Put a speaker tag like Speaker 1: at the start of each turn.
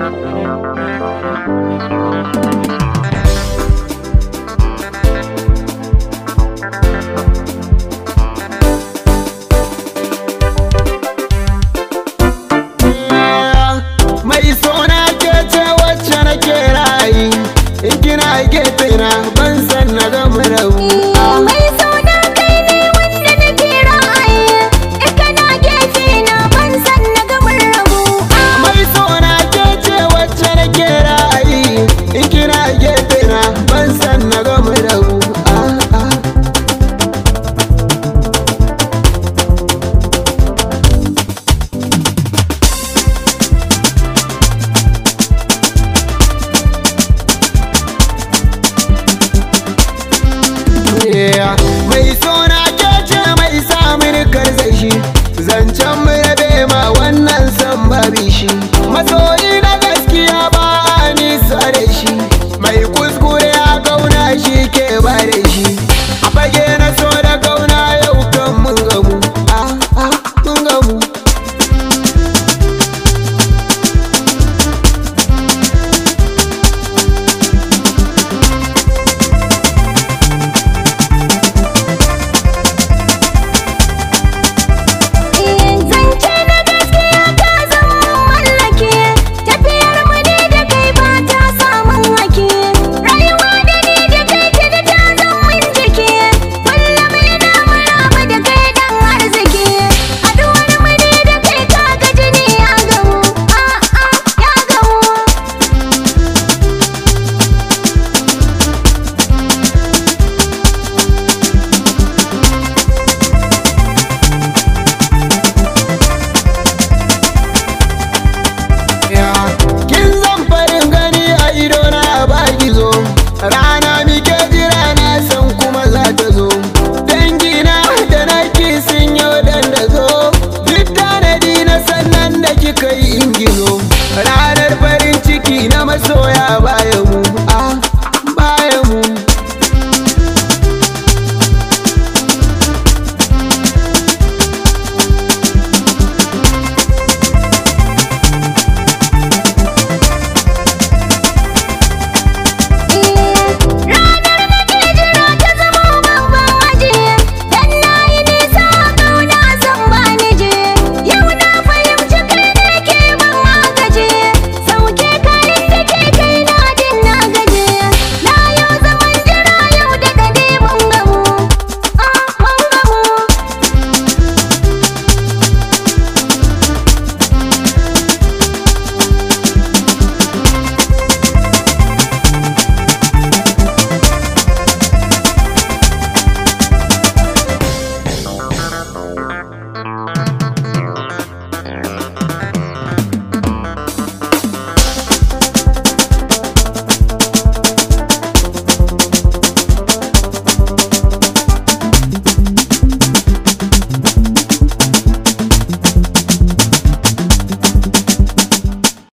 Speaker 1: Música
Speaker 2: mai suna cece mai samun karzashi zancen mu rabe ma wannan san babi shi rana muke jira na san kuma za ta zo dangina da naki sun yau dan da zo duk tanadi na sannan da kika yi ingizo ranar farin ciki na masoya bayan